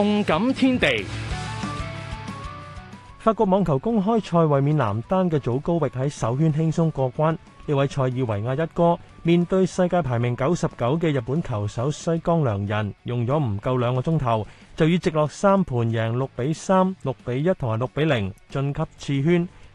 動感天地，法國網球公開賽衛冕男單嘅祖高域喺首圈輕鬆過關，呢位塞爾維亞一哥面對世界排名九十九嘅日本球手西岡良仁，用咗唔夠兩個鐘頭，就以直落三盤贏六比三、六比一同埋六比零晉級次圈。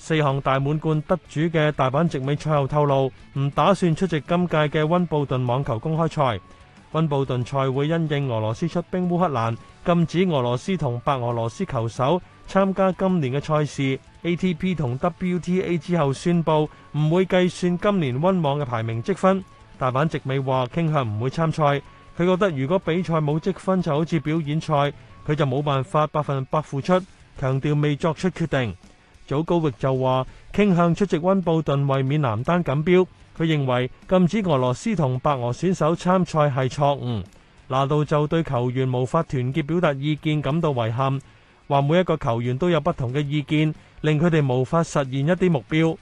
四項大滿貫得主嘅大坂直美賽後透露，唔打算出席今屆嘅温布頓網球公開賽。温布頓賽會因應俄羅斯出兵烏克蘭，禁止俄羅斯同白俄羅斯球手參加今年嘅賽事。ATP 同 WTA 之後宣布唔會計算今年温網嘅排名積分。大坂直美話傾向唔會參賽，佢覺得如果比賽冇積分就好似表演賽，佢就冇辦法百分百付出。強調未作出決定。祖高域就話傾向出席温布頓衛冕男單錦標，佢認為禁止俄羅斯同白俄選手參賽係錯誤。拿度就對球員無法團結表達意見感到遺憾，話每一個球員都有不同嘅意見，令佢哋無法實現一啲目標。